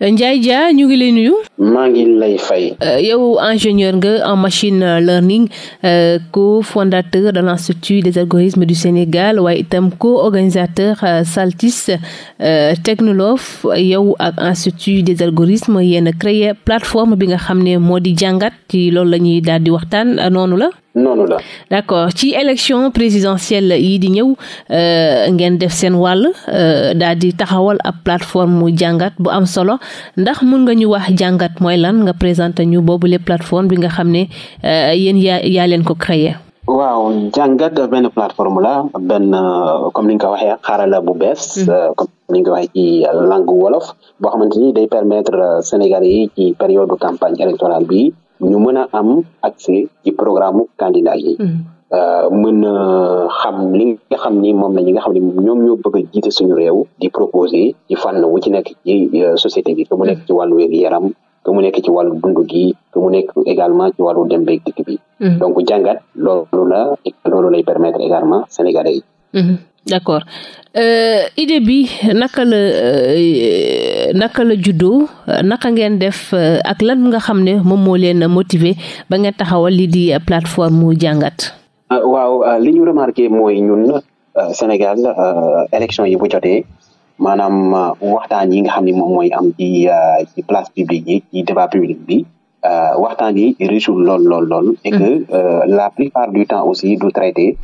Ndiaye Dia ñu ngi lay nuyu. maa ngi lay fay. Euh, yow ingénieur nga en machine learning euh, cofondateur de l'institut des algorithmes du Sénégal waaye itam co-organisateur euh, Saltis Technolof yow ak institut des algorithmes yéen a créé plateforme bi nga xam ne moo di jàngat ci loolu la ñuy daal di waxtaan noonu la. noonu la. d'accord ci élection présidentielle yi di ñëw euh, ngeen def seen wàll euh, daal di taxawal ab plateforme mu jàngat bu am solo ndax mun nga ñu wax jàngat mooy lan nga présenter ñu boobu boobule plateforme bi nga xam ne euh, yéen yaa yaa leen ko créer. waaw jàngat benn plateforme la benn comme ni nga ko waxee xarala bu bees. Mm-hmm. comme ni nga ko waxee ci langue wolof boo xamante ni day permettre Sénégalais yi ci période campagne électorale bi. ñu mën a am accès ci programme candidat yi mm-hmm. euh, mën xam li xam ni moom la ñi nga xam ni ñoom ñoo bëgg a suñu réew di proposer ci fànn wu ci nekk ci euh, société gi que mu nekk ci mm-hmm. wàllu wér yaram que mu nekk ci wàllu dund gi que mu nekk également ci wàllu dem beeg dikk bi mm-hmm. donc jàngat loolu la loolu lay permettre également sénégalais d'accord euh, idée bi naka la euh, naka la juddoo naka ngeen def euh, ak lan nga xam ne moom moo leen motiver ba ngeen taxawal li di plateforme mu jàngat. Ah, waaw uh, li ñu remarqué mooy ñun uh, Sénégal euh, élection yi bu jotee maanaam euh, waxtaan yi nga xam ni moom mooy am ci ci place publique yi ci débat public bi waxtaan yi risul lool lool lool. et que mm. la plupart du temps aussi du traité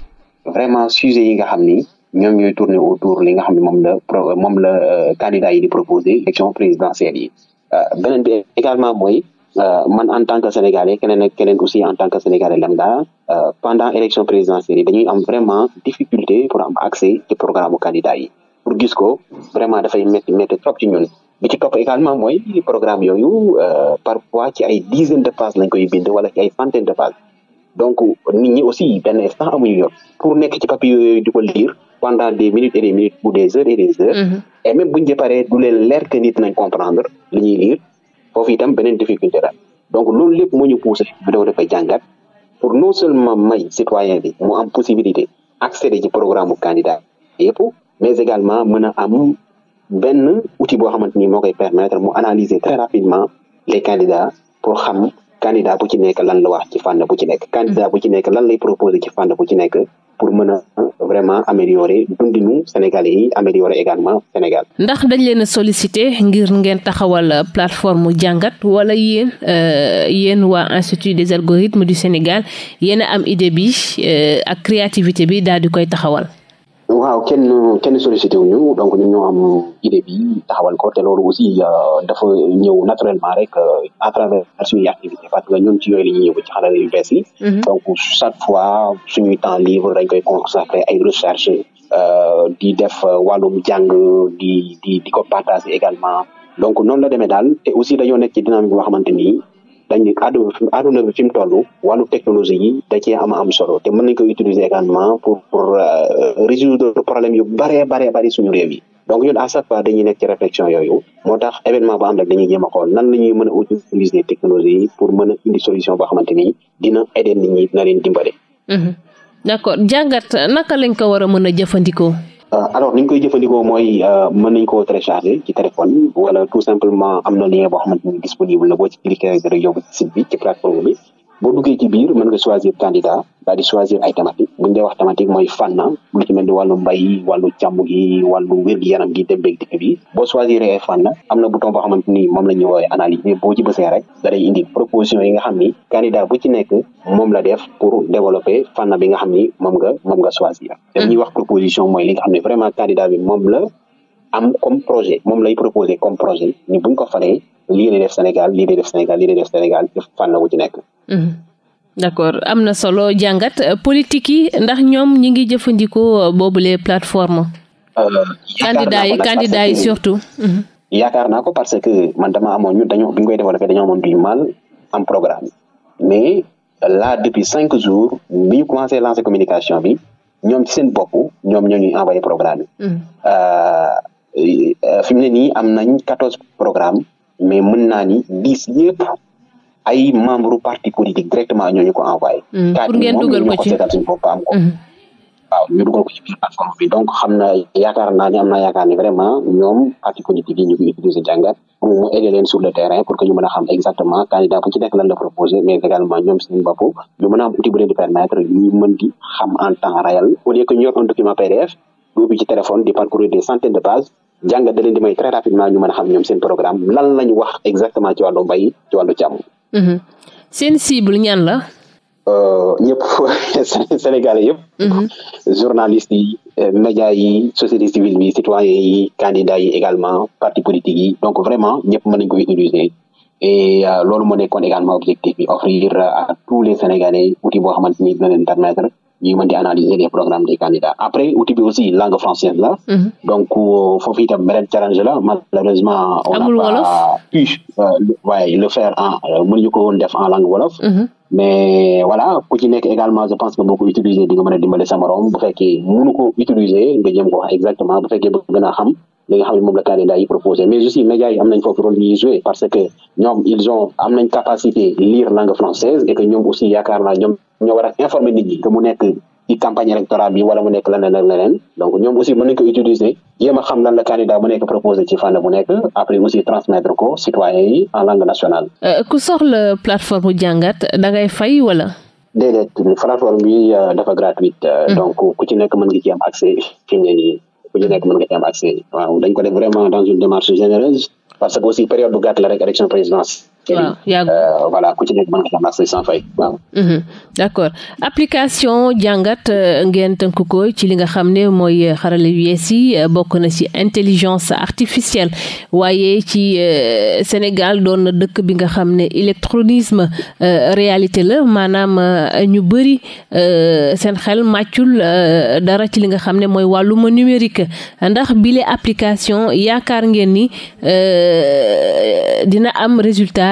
vraiment sujet yi nga xam ni. ñoom ñooy tourner autour li nga xam ne moom la pro moom la euh, candidat yi di proposer élection présidentielle yi euh, beneen bi également mooy euh, man en tant que sénégalais keneen ak keneen aussi en tant que sénégalais lambda pendant élection présidentielle yi dañuy am vraiment difficulté pour am accès ci programme candidat yi pour gis ko vraiment dafay métti métti trop ci ñun bi ci topp également mooy programme yooyu parfois ci ay dizaine de pages lañ koy bind wala ci ay centaine de pages donc nit ñi aussi benn instant amuñu yoon pour nekk ci papier yooyu di ko lire pendant des minutes et des minutes ou des heures et des heures. Mm -hmm. et même bu ñu paree du leen leer que nit nañ comprendre li ñuy lire foofu beneen difficulté la donc loolu lépp moo ñu poussé ñu daw dafay jàngat pour non seulement may citoyen bi mu am possibilité accéder ci programme bu candidat yëpp mais également mën a am benn outil boo xamante ni moo koy permettre mu analyser très rapidement les candidats pour xam candidat bu ci nekk lan la wax ci fànn bu ci nekk candidat bu ci nekk lan lay proposé ci fànn bu ci nekk pour mën a vraiment améliorer dundinu Sénégalais yi améliorer également Sénégal. ndax dañ leen a sollicité ngir ngeen taxawal plateforme mu jàngat wala yéen euh, yéen waa institut des algorithmes du Sénégal yéen am idée bi euh, ak créativité bi daal di koy taxawal. donc waaw kenn kenn sollicité wu ñu donc ñun ñoo am idée bi taxawal ko te loolu aussi euh, dafa ñëw naturellement rek euh, à travers suñuy activité parce que ñun ci yooyu la ñuy yëngu ci xarala yu bees yi mhm. donc chaque fois suñuy temps libre dañ koy consacré ay recherche euh, di def wàllum jàng di di di ko partager également donc no la demee daal te aussi dañoo nekk ci dynamique boo xamante nii dañu àdduna àdduna bi fi mu toll wàllu technologie yi da cee am am solo te mën nañ ko utiliser également pour pour euh, résoudre problème yu baree baree bari suñu réew yi donc ñun à chaque fois dañuy nekk ci réflexion yooyu moo tax événement bu am rek dañuy jéem a xool nan la ñuy a utiliser technologie yi pour mën a indi solution boo xamante ni dina aider nit na leen dimbale. Mm-hmm. d'accord jàngat naka lañ ko war a jëfandikoo. Euh, alors ni ñu koy jëfandikoo mooy euh, mën nañ koo télécharger ci téléphone wala tout simplement am na lien boo xamante ni disponible la boo ci cliquer rek dara yóbbu ci site bi ci plateforme bi boo duggee ci biir mën nga choisir candidat daal di choisir ay thématique mooy fànn lu ci mel ni wàllu mbay wàllu càmm gi wàllu wér-gi-yaram am na bouton boo xamante ni moom la ñuy woowee analyser boo ci bësee rek da lay indi proposition yi ni candidat bu ci moom la def pour développer fànn bi nga xam ni moom nga moom nga choisir mm. dañuy wax proposition mooy li nga xam ne vraiment candidat bi moom la am comme projet moom lay proposer comme projet ni buñ ko falee lii lay def Sénégal lii lay def Sénégal lii lay def Sénégal ci fànn wu nekk. Mm-hmm. d'accord am na solo jàngat euh, politique ndax ñoom ñi ngi jëfandikoo euh, boobule plateforme. Euh, candidat yi candidat yi surtout. Mm-hmm. yaakaar naa ko parce que man dama amoon ñu dañoo bi ñu koy développé dañoo amoon du mal am programme mais là depuis cinq jours bi ñu commencé lancer communication bi ñoom ci seen bopp ñoom ñoo ñuy envoyé programme yi. Mm-hmm. ne nii am nañ quatorze programme mais mën naa ni yëpp ay membre parti politique directement ñooñu ko envoyé. Mm. pour ngeen ko ci mm-hmm. ñu dugal ko ci biir plateforme donc xam na yaakaar naa ni am naa yaakaar ni vraiment ñoom parti politique yi ñu ngi utiliser jàngat pour mu aider leen que ñu mën a xam exactement candidat bu ci nekk lan la proposé mais également ñoom seen bopp ñu mën a am outil bu leen di permettre xam en temps réel au lieu que ñu yor un document PDF boobu ci téléphone di parcourir des de pages. jàngat da leen di may très rapidement a mën a xam ñoom seen programme lan lañu wax exactement ci wàllu mbay ci wàllu càmm. Mm-hmm. seen cible ñan la. Euh, ñëpp mm-hmm. yi euh, médias yi société civile bi citoyens yi candidats yi également partis politiques yi donc vraiment ñëpp mën nañu ko utiliser. et euh, loolu moo nekkoon également objectif bi offrir tous les Sénégalais outil boo xamante ni dina leen ñuy mën di analyser les programmes des candidats après outil bi aussi langue française la. Mhm. donc euh, foofu itam beneen challenge la malheureusement. on n'a pas pu euh, le faire en euh, mënuñu ko woon def en langue wolof. Mhm. mais voilà ku nekk également je pense que boo ko utiliser di nga mën a dimbale sa morom bu fekkee mënu ko utiliser nga jëm ko wax exactement bu fekkee bëgg gën a xam li nga xam ne moom la candidat yi proposé mais aussi médias yi am nañ foofu rôle yi joué parce que ñoom ils ont am nañ capacité lire langue française et que ñoom aussi yaakaar naa ñoom ñoo war a informer nit nekk ci campagne électorale bi wala mu nekk leneen ak leneen donc ñoom aussi mën nañu ko utiliser a xam lan la candidat bu nekk proposé ci fànn bu nekk après aussi transmettre ko euh, da ngay fay wala. déedéet plateforme bi euh, dafa gratuite. Euh, mm. donc ku ci nekk mën nga ci am accès fi mu ne nii ku ci nekk mën nga ci am accès waaw dañ ko def vraiment dans une démarche généreuse parce que aussi période bu gàtt la élection présidentielle. waaw euh, mhm. d' accord application jàngat euh, ngeen tënk ko ci li nga xam ne mooy euh, xarale yu yees bokk na ci intelligence artificielle waaye ci Sénégal doon na dëkk bi nga xam ne électronisme réalité la maanaam ñu bëri seen xel màccul dara ci li nga xam ne mooy wàllum numérique ndax bile application yaakaar ngeen ni dina am résultat.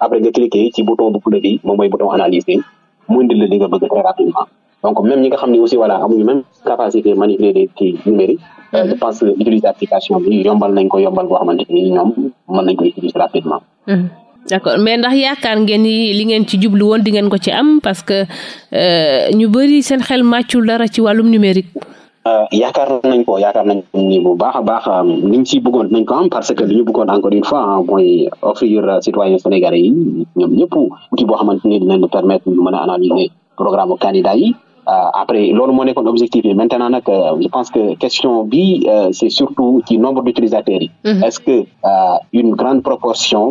après nga cliquer ci bouton bu bleu bi moom mooy bouton analyse bi nga xam ne aussi voilà amuñu même capacité manipuler des kii numérique mhm. euh, je pense que utiliser application yombal nañ ko yombal boo xamante ni ñoom mën nañ ko utiliser rapidement mhm. d'accord mais ndax yaakaar ngeen li ngeen ci jublu woon di ngeen ko ci am parce que euh, ñu bëri seen xel màccul dara ci wàllum numérique Euh, yaakaar nañ ko yaakaar nañ ni bu baax a baax euh, liñ ci bëggoon nañ ko am parce que li ñu bëggoon encore une fois mooy offrir citoyen sénégalais yi ñoom ñëpp outil boo xamante ni dinañ permettre ñu mën a analyser programme candidat yi Euh, après loolu moo nekkoon objectif yi maintenant nag euh, je pense que question bi euh, c'est surtout ci nombre d'utilisateurs yi mm -hmm. est-ce que une grande proportion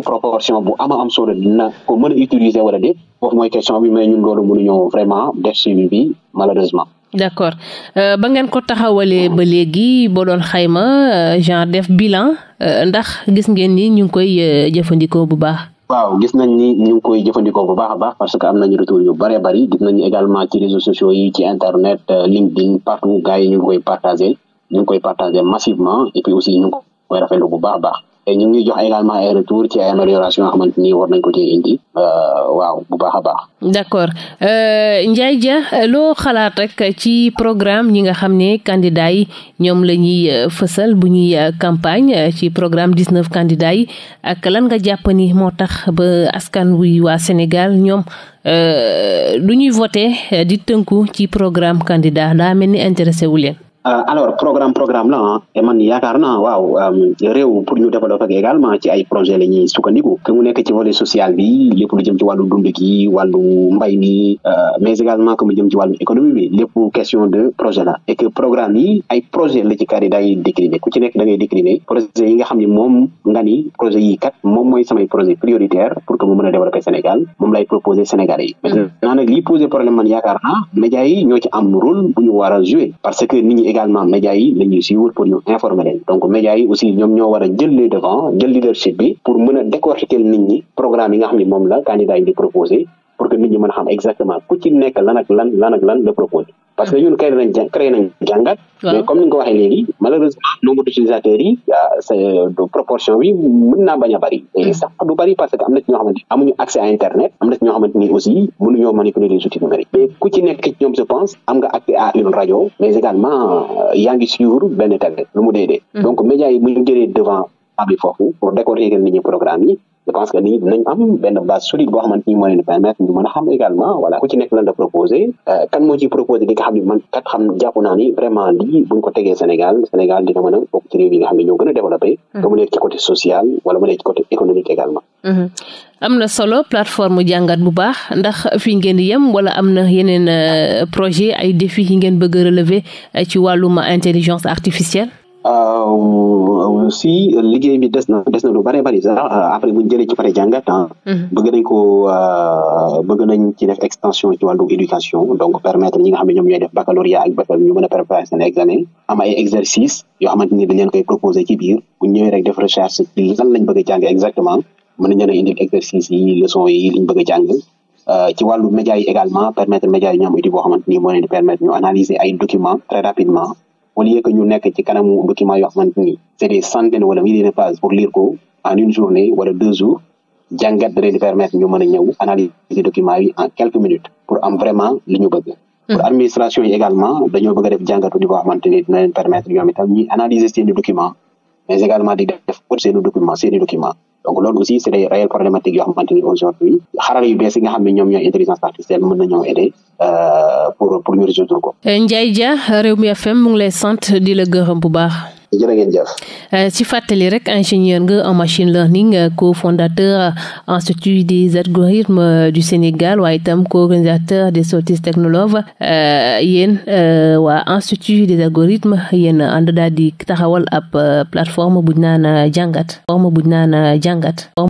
bu ama am solo dina ko mën a utiliser wala déet foofu mooy question bi mais ñun loolu mënuñoo vraiment def suivi bi malheureusement d'accord euh, ba ngeen ko taxawalee ba léegi boo doon xayma euh, genre def bilan euh, ndax gis ngeen ni ñu ngi koy jëfandikoo bu baax waaw gis nañ ni ñu ngi koy jëfandikoo bu baax baax parce que am nañu retour yu bëree bëri gis nañu également ci réseaux sociaux yi ci internet euh, LinkedIn partout gars yi ñu ngi koy partagé ñu ngi koy partagé massivement et puis aussi ñu koy rafetlu bu baax a baax et ñu ngi jox également ay retour ci ay amélioration yoo xamante nañ ko ci indi euh, waaw bu baax a baax. d'accord euh, loo xalaat rek ci programme ñi nga xam ne candidats yi ñoom la ñuy euh, fësal bu ñuy campagne ci programme dix-neuf ak lan nga jàpp moo tax ba askan wuy waa Sénégal ñoom lu ñuy voté di tënku ci programme candidat daa mel ni intéressé wu leen. Euh, alors programme programme la ah man yaakaar naa euh, réew pour ñu développer également ci ay projet la ñuy sukkandiku que mu ci volet social bi lépp lu ci wàllu dund gi mbay mi euh, mais également que mu jëm da ngay décliner projet yi nga xam ni projet yi kat moom mooy samay projet prioritaire pour que mu mën a développer lay proposer Sénégalais yi mm. maintenant li poser problème man yaakaar naa médias yi ñoo am rôle bu ñu jouer parce que nit ñi également médias yi la ñuy suivre pour ñu informer leen donc médias yi aussi ñoom ñoo war a jël les devants jël leadership bi pour mën a décortiquer ñi programme yi nga xam ne moom la candidat yi di proposé pour que nit ñi xam exactement ku ci nekk lan ak lan la proposé parce que ñun créé nañ jàng créé nañ jàngat. mais comme ni nga ko waxee léegi malheureusement nombre d'utilisateurs yi ah, c'est de proportion bi mën naa bañ a bari. Hmm. sax du bari parce que am na ci ñoo am na ci ñoo xamante ni aussi mënuñoo manipuler les outils numériques. nekk ñoom je pense am nga accès une radio mais également euh, yaa ngi suivre benn télé lu mu dee dee. Hmm. donc médias yi bu ñu jëlee devant. foofu pour décortiquer nit ñi programme yi parce que nit ñi dinañ am benn base solide boo xamante ni moo leen permettre ñu xam également voilà ku ci nekk lan la proposé euh, kat xam jàpp naa buñ ko tegee Sénégal Sénégal dina mën a bokk ci réew yi nga xam ñoo gën a développé que mm-hmm. mu nekk ci côté social wala mu nekk ci côté économique également mm-hmm. am na solo plateforme jàngat bu baax ndax fii ngeen di yem wala am na yeneen euh, projet ay défis yi ngeen bëgg a relever euh, ci wàllum intelligence artificielle Euh, si liggéey bi des na des na lu bëree bëri sax euh, après buñ jëlee ci pare jàngat ah, mhm. bëgg nañ ko euh, bëgg nañ ci def extension ci wàllu éducation donc permettre ñi nga xam ne ñoom ñooy def baccalauréat ak BFEM ñu mën a examen am exercice yoo xamante ni dañ leen koy proposer ci biir buñ ñëwee rek def recherche ci lan lañ bëgg a jàng exactement mën nañ leen a exercice yi leçon yi liñ bëgg a ci wàllu média yi également permettre média yi ñoom outil boo xamante ni moo leen di permettre ñu analyser ay documents au lieu que ñu nekk ci kanamu document yoo xamante ni c' est wala milliers de pages pour ko en une journée wala deux jours jàngat da di permettre ñu mën a ñëw document yi en quelques minutes pour am vraiment li bëgg. Mm-hmm. pour administration yi également dañoo bëgg def jàngat au niveau xamante ni dina leen permettre ñoom itam ñuy mais également di def pour seen i documents seen i documents. donc loolu aussi c'est des réelles problématiques yoo xamante ni aujourd'hui xarala yu bees yi nga xam ne ñoom ñooy intelligence artificielle mën nañoo aider euh, pour pour ñu résoudre ko. Ndiaye Dia Rewmi FM mu ngi lay sant di la gërëm bu baax. jërë ngeen jëf. Euh, ci fàttali rek ingénieur nga en machine learning euh, cofondateur euh, institut des algorithmes du Sénégal waaye itam co-organisateur des sorties technologues yéen waa institut des algorithmes yéen ànd daal di taxawal ab plateforme bu ñu naan jàngat. plateforme bu ñu naan jàngat.